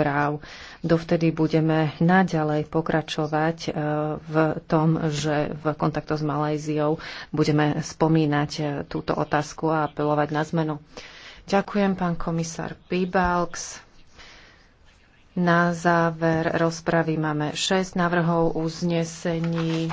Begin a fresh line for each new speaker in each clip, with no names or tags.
správ. Dovtedy budeme naďalej pokračovať e, v tom, že v kontakto s Malajziou budeme spomínať e, túto otázku a apelovať na zmenu. Ďakujem, pán komisár Pibalks. Na záver rozpravy máme 6 návrhov uznesení.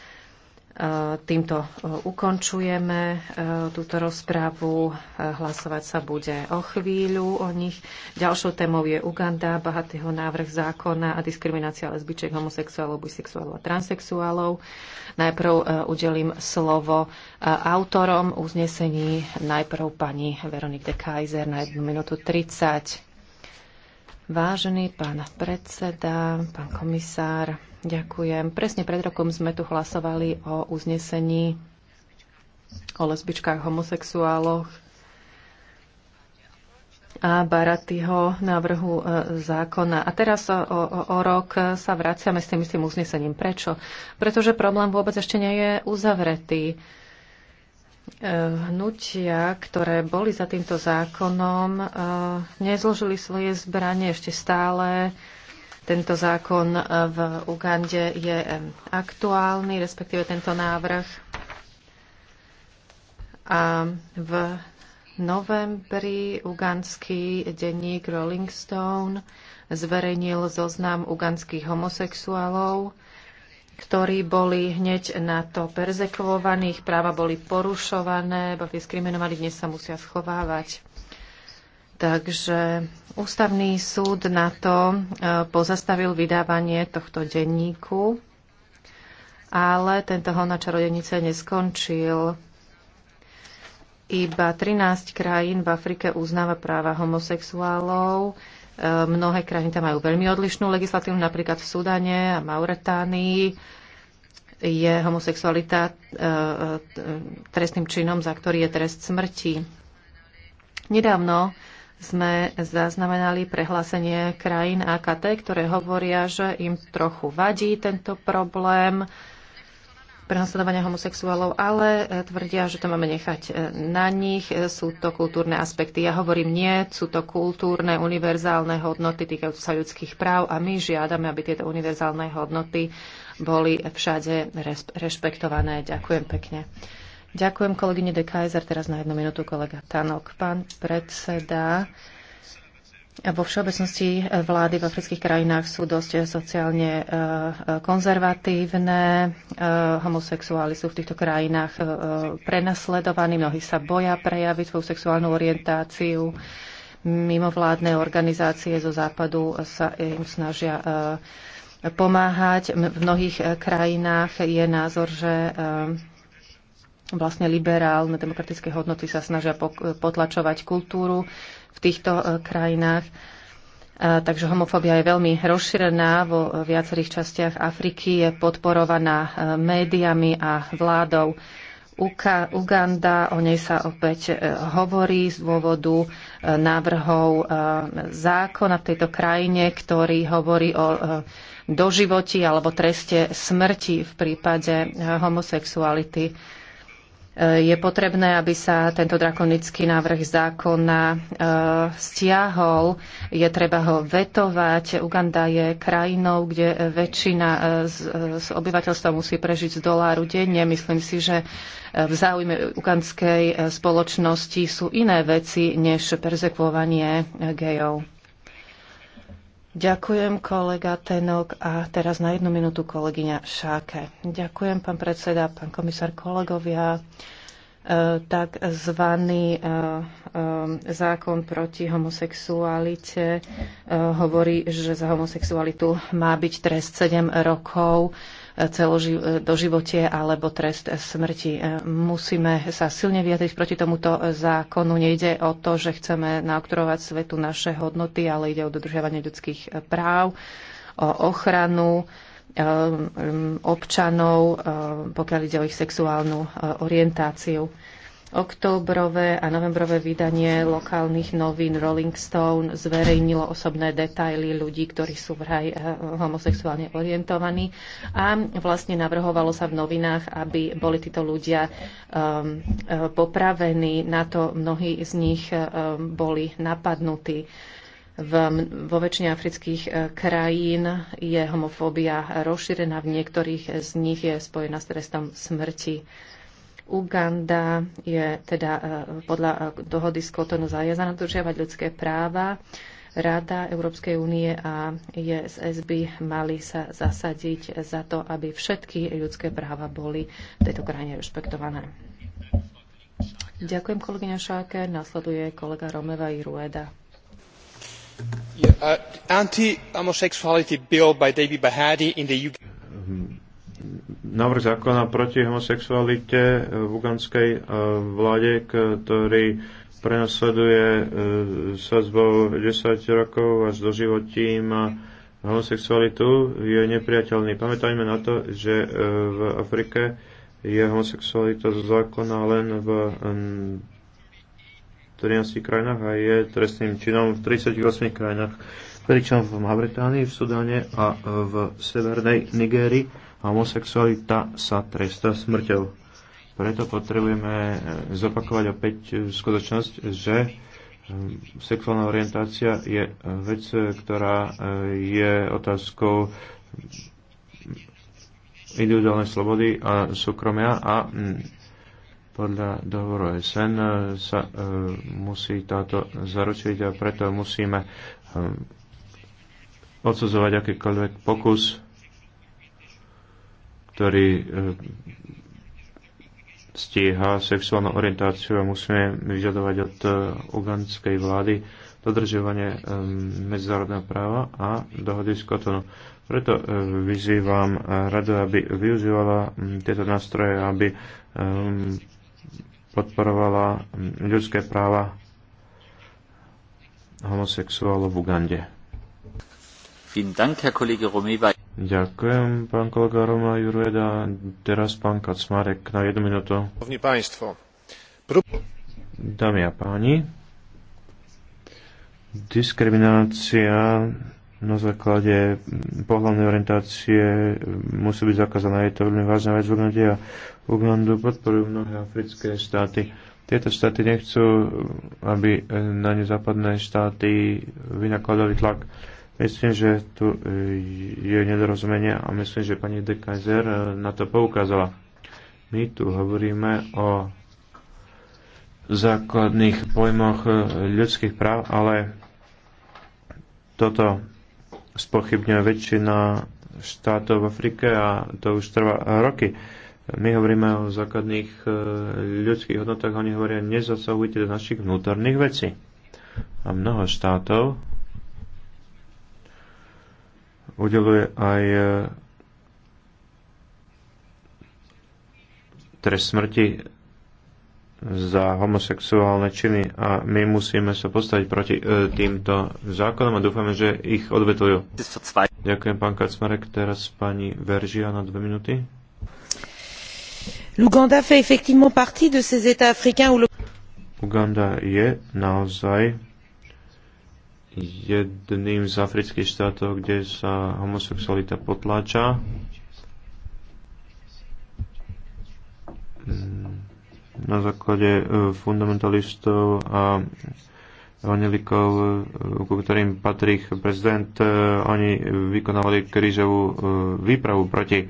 E, týmto e, ukončujeme e, túto rozprávu. Hlasovať sa bude o chvíľu o nich. Ďalšou témou je Uganda, bohatého návrh zákona a diskriminácia lesbičiek, homosexuálov, bisexuálov a transexuálov. Najprv udelím slovo autorom uznesení. Najprv pani Veronik de Kaiser na 1 minútu 30. Vážený pán predseda, pán komisár, Ďakujem. Presne pred rokom sme tu hlasovali o uznesení o lesbičkách, homosexuáloch a Baratyho návrhu e, zákona. A teraz o, o, o rok sa vraciame s tým istým uznesením. Prečo? Pretože problém vôbec ešte nie je uzavretý. E, hnutia, ktoré boli za týmto zákonom, e, nezložili svoje zbranie ešte stále tento zákon eh, v Ugande je eh, aktuálny, respektíve tento návrh. A v novembri ugandský denník Rolling Stone zverejnil zoznam ugandských homosexuálov, ktorí boli hneď na to perzekvovaných, práva boli porušované, boli diskriminovaní, dnes sa musia schovávať. Takže ústavný súd na to e, pozastavil vydávanie tohto denníku, ale tento hon na čarodenice neskončil. Iba 13 krajín v Afrike uznáva práva homosexuálov. E, mnohé krajiny tam majú veľmi odlišnú legislatívu, napríklad v Sudane a Mauretánii je homosexualita e, trestným činom, za ktorý je trest smrti. Nedávno sme zaznamenali prehlásenie krajín AKT, ktoré hovoria, že im trochu vadí tento problém prenasledovania homosexuálov, ale e, tvrdia, že to máme nechať e, na nich. E, sú to kultúrne aspekty. Ja hovorím nie, sú to kultúrne univerzálne hodnoty týkajúce sa ľudských práv a my žiadame, aby tieto univerzálne hodnoty boli všade rešpektované. Ďakujem pekne. Ďakujem kolegyne De Kaiser. Teraz na jednu minútu kolega Tanok. Pán predseda, vo všeobecnosti eh, vlády v afrických krajinách sú dosť eh, sociálne eh, konzervatívne. Homosexuáli sú v týchto krajinách prenasledovaní, mnohí sa boja prejaviť svoju sexuálnu orientáciu. Mimovládne organizácie zo západu sa im snažia pomáhať. V mnohých krajinách je názor, že vlastne liberálne demokratické hodnoty sa snažia potlačovať kultúru v týchto e, krajinách. E, takže homofóbia je veľmi rozšírená vo viacerých častiach Afriky, je podporovaná e, médiami a vládou. Uganda, o nej sa opäť hovorí z dôvodu návrhov zákona v tejto krajine, ktorý hovorí o doživoti alebo treste smrti v prípade homosexuality. Eh, je potrebné, aby sa tento drakonický návrh zákona eh, stiahol. Je treba ho vetovať. Uganda je krajinou, kde väčšina eh, z, obyvateľstva musí prežiť z doláru denne. Myslím si, že v záujme ugandskej spoločnosti sú iné veci než perzekvovanie gejov. Ďakujem kolega Tenok a teraz na jednu minútu kolegyňa Šáke. Ďakujem pán predseda, pán komisár, kolegovia. E, tak zvaný e, e, zákon proti homosexualite hovorí, že za homosexualitu má byť trest 7 rokov doživotie alebo trest smrti. E, musíme sa silne vyjadriť proti tomuto zákonu. Nejde o to, že chceme naoktorovať svetu naše hodnoty, ale ide o dodržiavanie ľudských práv, o ochranu e, občanov, e, pokiaľ ide o ich sexuálnu orientáciu. Oktobrové a novembrové vydanie lokálnych novín Rolling Stone zverejnilo osobné detaily ľudí, ktorí sú vraj eh, homosexuálne orientovaní a vlastne navrhovalo sa v novinách, aby boli títo ľudia um, popravení. Na to mnohí z nich um, boli napadnutí. V, vo väčšine afrických krajín je homofóbia rozšírená, v niektorých z nich je spojená s trestom smrti. Uganda je teda e, podľa e, dohody z Kotonu zaviazaná dodržiavať ľudské práva. Rada Európskej únie a by mali sa zasadiť za to, aby všetky ľudské práva boli v tejto krajine rešpektované. Ďakujem, kolegyňa Šáke. Nasleduje kolega Romeva Rueda.
Yeah, uh, anti-homosexuality bill by David Bahadi in the UK um, návrh zákona proti homosexualite v uganskej e, vláde, ktorý prenasleduje e, sazbou 10 rokov až do životím homosexualitu, je nepriateľný. Pamätajme na to, že e, v Afrike je homosexualita zákona len v 13 mm, krajinách a je trestným činom v 38 krajinách, pričom v Mauritánii, v Sudáne a v severnej Nigérii homosexualita sa trestá smrťou. Preto potrebujeme eh, zopakovať opäť eh, skutočnosť, že eh, sexuálna orientácia je vec, ktorá je otázkou mm, individuálnej slobody a súkromia a mm, podľa dohovoru SN sa musí táto zaručiť a preto musíme odsudzovať akýkoľvek pokus ktorý e, stíha sexuálnu orientáciu a musíme vyžadovať od e, ugandskej vlády dodržovanie e, medzinárodného práva a dohody z Kotonu. Preto vyzývam radu, aby využívala tieto nástroje, aby podporovala ľudské práva homosexuálov v Ugande.
Vielen Dank, Herr Kollege Romeva.
Ďakujem, pán kolega Roma Jurveda. Teraz pán Kacmarek na jednu minútu. Dámy a páni, diskriminácia na základe pohľadnej orientácie musí byť zakázaná. Je to veľmi vážna vec v Ugande a Ugandu podporujú mnohé africké štáty. Tieto štáty nechcú, aby na ne západné štáty vynakladali tlak Myslím, že tu e, je nedorozumenie a myslím, že pani de Kaiser e, na to poukázala. My tu hovoríme o základných pojmoch e, ľudských práv, ale toto spochybňuje väčšina štátov v Afrike a to už trvá roky. My hovoríme o základných ľudských hodnotách, oni hovoria, nezasahujte do našich vnútorných vecí. A mnoho štátov udeluje aj e, trest smrti za homosexuálne činy a my musíme sa postaviť proti e, týmto zákonom a dúfame, že ich odvetujú. Ďakujem pán Kacmarek, teraz pani Veržia na dve minúty.
L'Uganda fait effectivement partie de ces États africains où le...
Uganda je naozaj jedným z afrických štátov, kde sa homosexualita potláča. Mm, na základe e, fundamentalistov a Onelikov, e, ku ktorým patrí prezident, e, oni vykonávali krížovú výpravu proti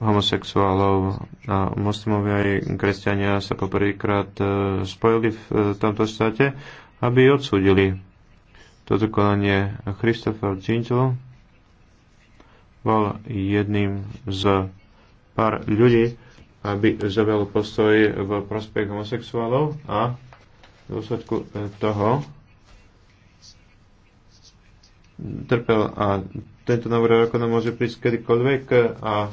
homosexuálov a moslimovi aj kresťania sa poprvýkrát spojili v tomto štáte, aby odsúdili to dokonanie Christopher Ginzel bol jedným z pár ľudí, aby zaujal postoj v prospech homosexuálov a v dôsledku toho trpel a tento návrh zákona môže prísť kedykoľvek a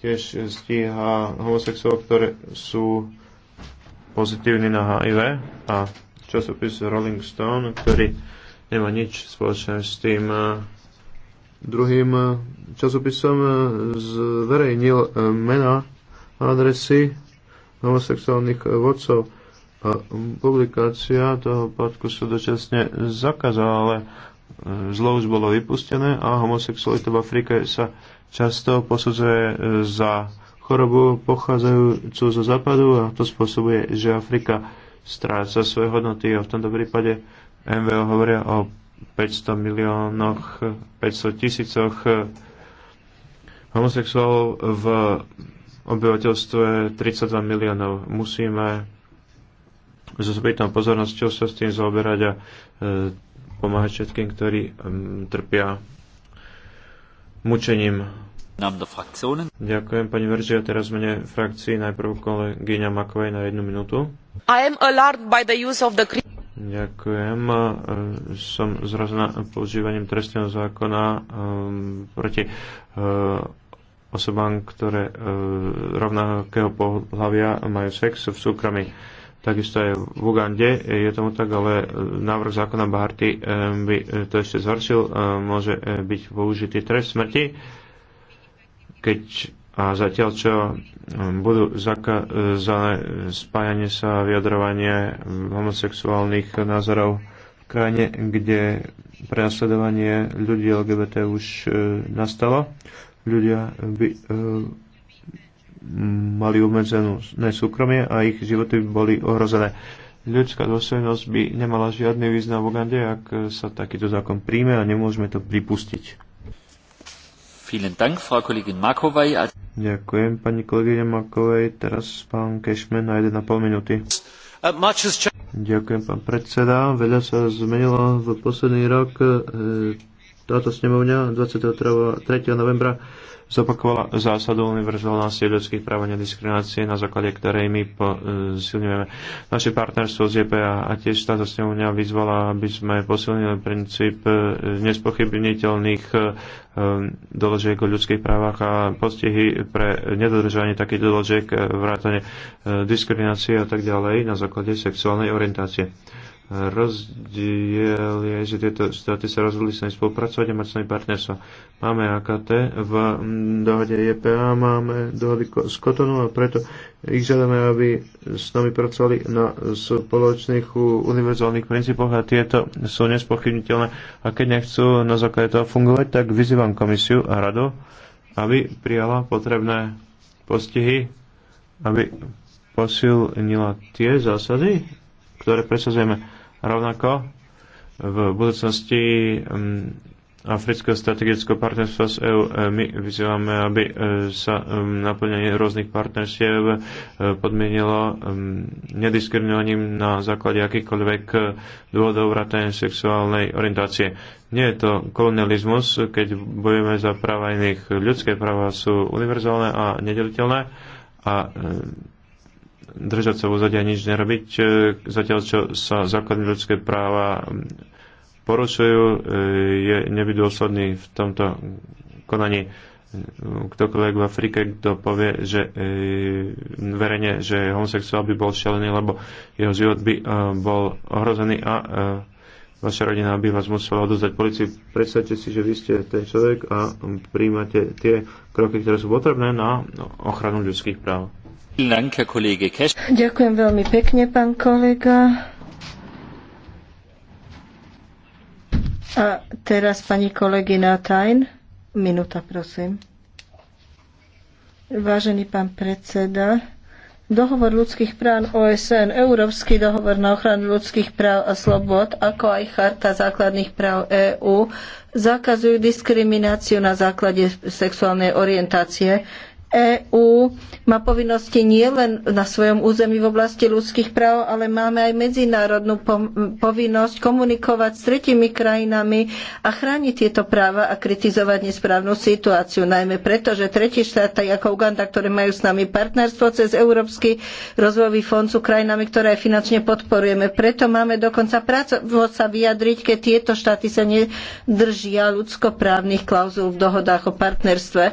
tiež stíha homosexuálov, ktoré sú pozitívni na HIV a časopis Rolling Stone, ktorý nemá nič spoločné s tým eh, druhým eh, časopisom, eh, zverejnil mena adresy homosexuálnych vodcov. Publikácia toho podku sa dočasne zakázala, ale zlo už bolo vypustené a homosexualita v Afrike sa často posudzuje za chorobu pochádzajúcu zo západu a to spôsobuje, že Afrika stráca svoje hodnoty a v tomto prípade MVO hovoria o 500 miliónoch, 500 tisícoch homosexuálov v obyvateľstve 32 miliónov. Musíme s osobitnou pozornosťou sa s tým zaoberať a e, pomáhať všetkým, ktorí trpia mučením Ďakujem, pani a Teraz mene frakcii najprv kolegyňa Makovej na jednu minútu.
I am alarmed by the use of the...
Ďakujem. E, som zrazená používaním trestného zákona um, proti uh, osobám, ktoré e, rovnakého pohľavia majú sex v súkromí. Takisto aj v Ugande je tomu tak, ale návrh zákona Baharty by to ešte zhoršil, môže byť použitý trest smrti keď a zatiaľ čo um, budú za spájanie sa a vyjadrovanie homosexuálnych názorov v krajine, kde prenasledovanie ľudí LGBT už e, nastalo, ľudia by e, mali obmedzenú súkromie a ich životy by boli ohrozené. Ľudská dôstojnosť by nemala žiadny význam v Ugande, ak sa takýto zákon príjme a nemôžeme to pripustiť. Ďakujem pani kolegyne Makovej. Teraz pán Kešmen na 1,5 minúty. Uh, Ďakujem pán predseda. Veľa sa zmenilo v posledný rok. Uh, táto snemovňa 23. novembra zopakovala zásadu univerzálnosti ľudských práv a nediskriminácie, na základe ktorej my posilňujeme e, naše partnerstvo z JPA a tiež táto snemovňa vyzvala, aby sme posilnili princíp e, nespochybniteľných e, doložiek o ľudských právach a postihy pre nedodržanie takých doložiek vrátane diskriminácie a tak ďalej na základe sexuálnej orientácie. Rozdiel je, že tieto štáty sa rozhodli s nami spolupracovať a mať s nami partnerstvo. Máme AKT, v dohode EPA máme dohody s Kotonu a preto ich žiadame, aby s nami pracovali na spoločných univerzálnych princípoch a tieto sú nespochybniteľné. A keď nechcú na základe toho fungovať, tak vyzývam komisiu a radu, aby prijala potrebné postihy, aby posilnila tie zásady, ktoré presazujeme Rovnako v budúcnosti mm, Afrického strategického partnerstva s EU. E, my vyzývame, aby e, sa e, naplnenie rôznych partnerstiev podmienilo nediskriminovaním na základe akýchkoľvek dôvodov vrátane sexuálnej orientácie. Nie je to kolonializmus, keď bojujeme za práva iných. Ľudské práva sú univerzálne a nedeliteľné a držať sa v úzade a nič nerobiť, e, zatiaľ čo sa základné ľudské práva porušujú, e, je nevydôsledný v tomto konaní ktokoľvek v Afrike, kto povie, že e, verejne, že homosexuál by bol šialený, lebo jeho život by bol ohrozený a vaša rodina by vás musela odozdať policii. Predstavte si, že vy ste ten človek a príjmate tie kroky, ktoré sú potrebné na ochranu ľudských práv. Ďakujem
veľmi pekne, pán kolega. A teraz pani kolegyna Tajn. Minúta, prosím. Vážený pán predseda, Dohovor ľudských práv OSN, Európsky dohovor na ochranu ľudských práv a slobod, ako aj Charta základných práv EÚ, zakazujú diskrimináciu na základe sexuálnej orientácie, EÚ má povinnosti nielen na svojom území v oblasti ľudských práv, ale máme aj medzinárodnú povinnosť komunikovať s tretimi krajinami a chrániť tieto práva a kritizovať nesprávnu situáciu. Najmä preto, že tretí štáty tak ako Uganda, ktoré majú s nami partnerstvo cez Európsky rozvojový fond, sú krajinami, ktoré aj finančne podporujeme. Preto máme dokonca právo sa vyjadriť, keď tieto štáty sa nedržia ľudskoprávnych klauzul v dohodách o partnerstve.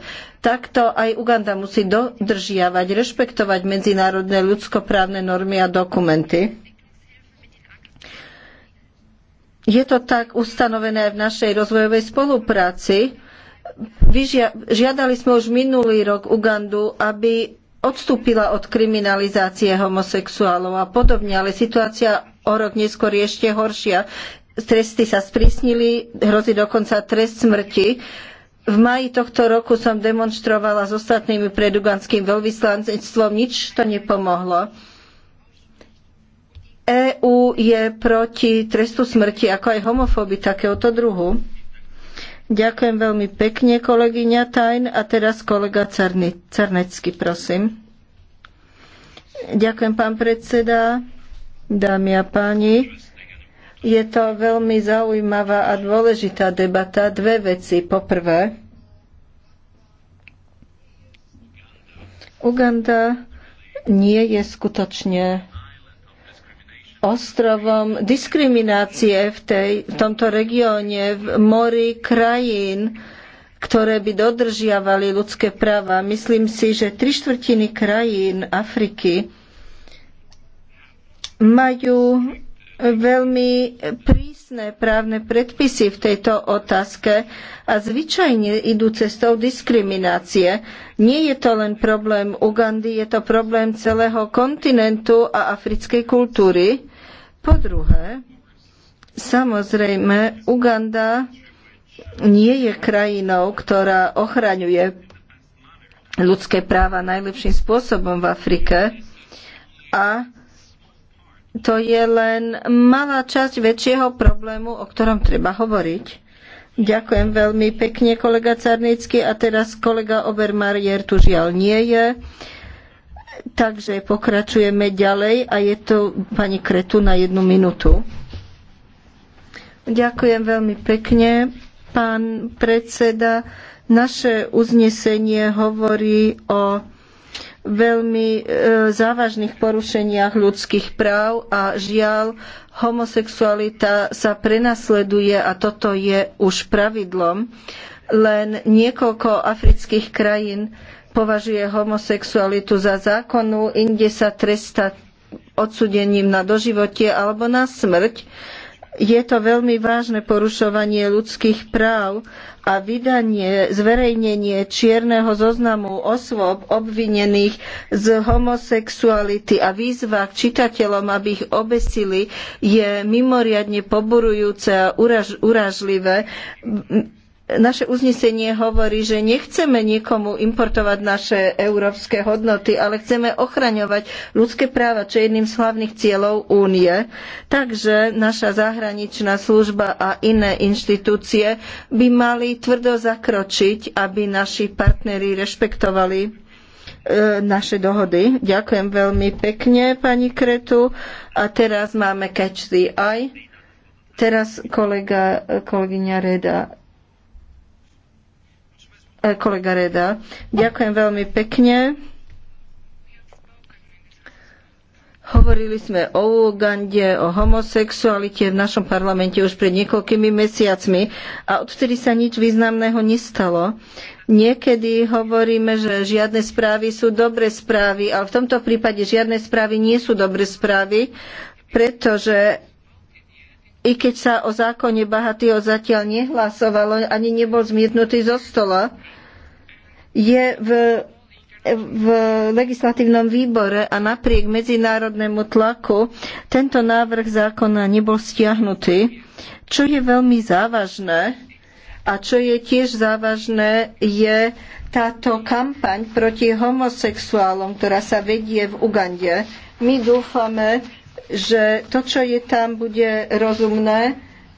Takto aj Uganda musí dodržiavať, rešpektovať medzinárodné ľudskoprávne normy a dokumenty. Je to tak ustanovené aj v našej rozvojovej spolupráci. Žiadali sme už minulý rok Ugandu, aby odstúpila od kriminalizácie homosexuálov a podobne, ale situácia o rok neskôr je ešte horšia. Tresty sa sprísnili, hrozí dokonca trest smrti v maji tohto roku som demonštrovala s ostatnými pred uganským veľvyslanectvom, nič to nepomohlo. EÚ je proti trestu smrti, ako aj homofóby takéhoto druhu. Ďakujem veľmi pekne, kolegyňa Tajn. A teraz kolega Cerny, Cernecky, prosím. Ďakujem, pán predseda, dámy a páni. Je to veľmi zaujímavá a dôležitá debata. Dve veci. Poprvé, Uganda nie je skutočne ostrovom diskriminácie v, tej, v tomto regióne, v mori krajín, ktoré by dodržiavali ľudské práva. Myslím si, že tri štvrtiny krajín Afriky majú veľmi prísne právne predpisy v tejto otázke a zvyčajne idú cestou diskriminácie. Nie je to len problém Ugandy, je to problém celého kontinentu a africkej kultúry. Po druhé, samozrejme, Uganda nie je krajinou, ktorá ochraňuje ľudské práva najlepším spôsobom v Afrike a to je len malá časť väčšieho problému, o ktorom treba hovoriť. Ďakujem veľmi pekne, kolega Carnický. A teraz kolega Obermarier tu žiaľ nie je. Takže pokračujeme ďalej a je to pani Kretu na jednu minútu. Ďakujem veľmi pekne, pán predseda. Naše uznesenie hovorí o veľmi e, závažných porušeniach ľudských práv a žiaľ, homosexualita sa prenasleduje a toto je už pravidlom. Len niekoľko afrických krajín považuje homosexualitu za zákonnú, inde sa tresta odsudením na doživotie alebo na smrť. Je to veľmi vážne porušovanie ľudských práv a vydanie, zverejnenie čierneho zoznamu osôb obvinených z homosexuality a výzva k čitateľom, aby ich obesili, je mimoriadne poburujúce a uraž, uražlivé naše uznesenie hovorí, že nechceme niekomu importovať naše európske hodnoty, ale chceme ochraňovať ľudské práva, čo je jedným z hlavných cieľov únie. Takže naša zahraničná služba a iné inštitúcie by mali tvrdo zakročiť, aby naši partneri rešpektovali e, naše dohody. Ďakujem veľmi pekne, pani Kretu. A teraz máme Catch the Eye. Teraz kolega, kolegyňa Reda E, kolega Reda. Ďakujem veľmi pekne. Hovorili sme o Ugande, o homosexualite v našom parlamente už pred niekoľkými mesiacmi a odtedy sa nič významného nestalo. Niekedy hovoríme, že žiadne správy sú dobre správy, ale v tomto prípade žiadne správy nie sú dobre správy, pretože i keď sa o zákone Bahatýho zatiaľ nehlasovalo, ani nebol zmietnutý zo stola, je v, v legislatívnom výbore a napriek medzinárodnému tlaku tento návrh zákona nebol stiahnutý, čo je veľmi závažné. A čo je tiež závažné, je táto kampaň proti homosexuálom, ktorá sa vedie v Ugande. My dúfame, že to, čo je tam, bude rozumné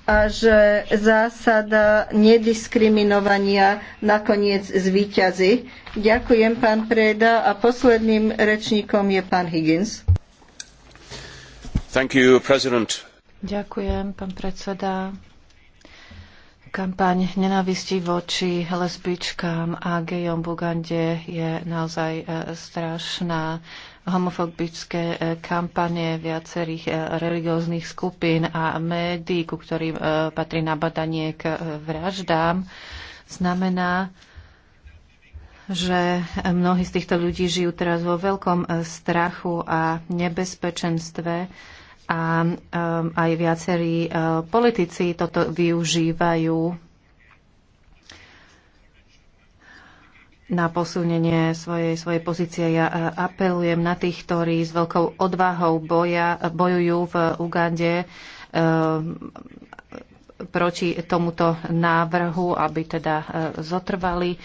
a že zásada nediskriminovania nakoniec zvíťazí. Ďakujem, pán Preda. A posledným
rečníkom je pán Higgins.
Thank you, president.
Ďakujem, pán predseda. Kampaň nenávisti voči lesbičkám a gejom v Ugande je naozaj e, strašná. Homofobické e, kampanie viacerých e, religióznych skupín a médií, ku ktorým patrí nabadanie k vraždám, znamená, že mnohí z týchto ľudí žijú teraz vo veľkom strachu a nebezpečenstve a um, aj viacerí uh, politici toto využívajú na posunenie svojej, svojej pozície. Ja uh, apelujem na tých, ktorí s veľkou odvahou boja, bojujú v Ugande um, proti tomuto návrhu, aby teda uh, zotrvali.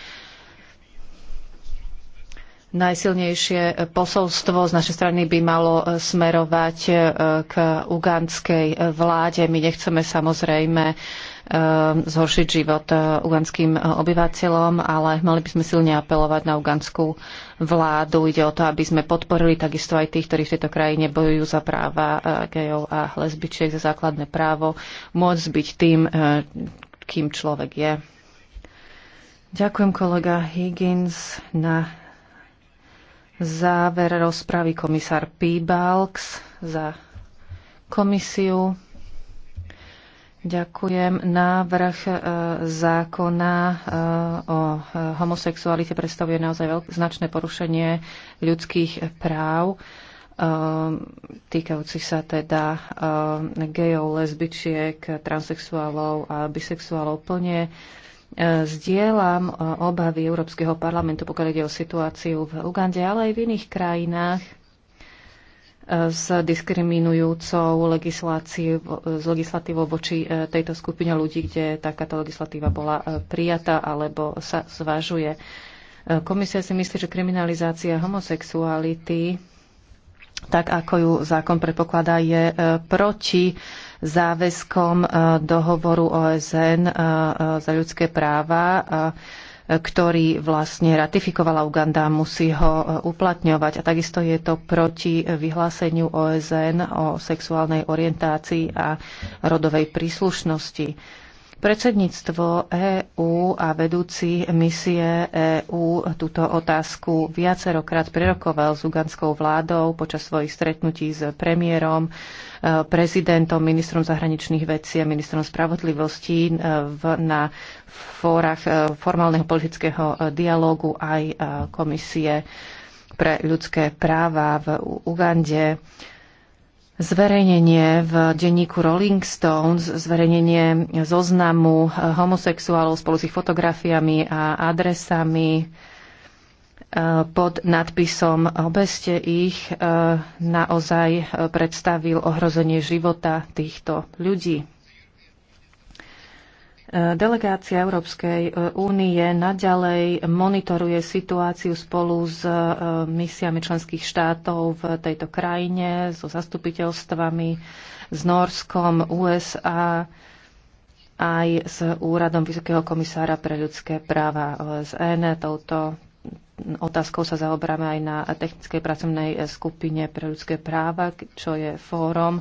Najsilnejšie posolstvo z našej strany by malo e, smerovať e, k ugandskej e, vláde. My nechceme samozrejme zhoršiť život uganským obyvateľom, ale mali by sme silne apelovať na uganskú vládu. Ide o to, aby sme podporili takisto aj tých, ktorí v tejto krajine bojujú za práva gejov a lesbičiek, za základné právo môcť byť tým, kým človek je. Ďakujem kolega Higgins na Záver rozpravy komisár Píbalks za komisiu. Ďakujem. Návrh e, zákona e, o e, homosexualite predstavuje naozaj značné porušenie ľudských práv týkajúci sa teda gejov, lesbičiek, transexuálov a bisexuálov plne E, zdieľam e, obavy Európskeho parlamentu, pokiaľ ide o situáciu v Ugande, ale aj v iných krajinách e, s diskriminujúcou s legislatívou voči tejto skupine ľudí, kde takáto legislatíva bola prijatá alebo sa zvažuje. Komisia si myslí, že kriminalizácia homosexuality tak ako ju zákon predpokladá, je e, proti záväzkom e, dohovoru OSN e, za ľudské práva, ktorý vlastne ratifikovala Uganda, musí ho uplatňovať. A takisto je to proti vyhláseniu OSN o sexuálnej orientácii a rodovej príslušnosti Predsedníctvo EÚ a vedúci misie EÚ túto otázku viacerokrát prerokoval s uganskou vládou počas svojich stretnutí s premiérom, e, prezidentom, ministrom zahraničných vecí a ministrom spravodlivosti e, na fórach e, formálneho politického dialógu aj komisie pre ľudské práva v Ugande zverejnenie v denníku Rolling Stones, zverejnenie zoznamu eh, homosexuálov spolu s ich fotografiami a adresami eh, pod nadpisom Obeste ich eh, naozaj predstavil ohrozenie života týchto ľudí. Delegácia Európskej e, únie naďalej monitoruje situáciu spolu s e, misiami členských štátov v tejto krajine, so zastupiteľstvami, s Norskom, USA, aj s Úradom Vysokého komisára pre ľudské práva OSN. E, Touto otázkou sa zaobráme aj na technickej pracovnej skupine pre ľudské práva, čo je fórum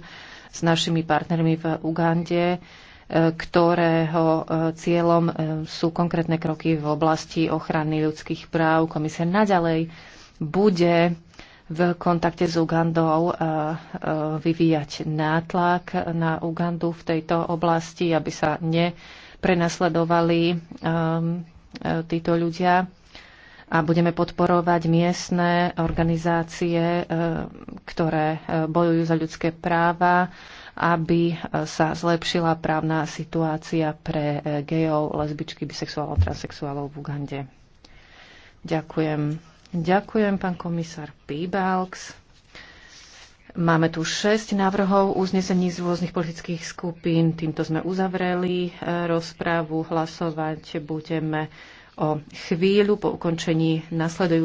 s našimi partnermi v Ugande ktorého e, cieľom e, sú konkrétne kroky v oblasti ochrany ľudských práv. Komisia naďalej bude v kontakte s Ugandou e, vyvíjať nátlak na Ugandu v tejto oblasti, aby sa neprenasledovali títo ľudia a budeme podporovať miestne organizácie, ktoré bojujú za ľudské práva aby e, sa zlepšila právna situácia pre e, gejov, lesbičky, bisexuálov, transexuálov v Ugande. Ďakujem. Ďakujem, pán komisár Pibalks. Máme tu 6 návrhov uznesení z rôznych politických skupín. Týmto sme uzavreli e, rozprávu. Hlasovať budeme o chvíľu po ukončení nasledujúcich.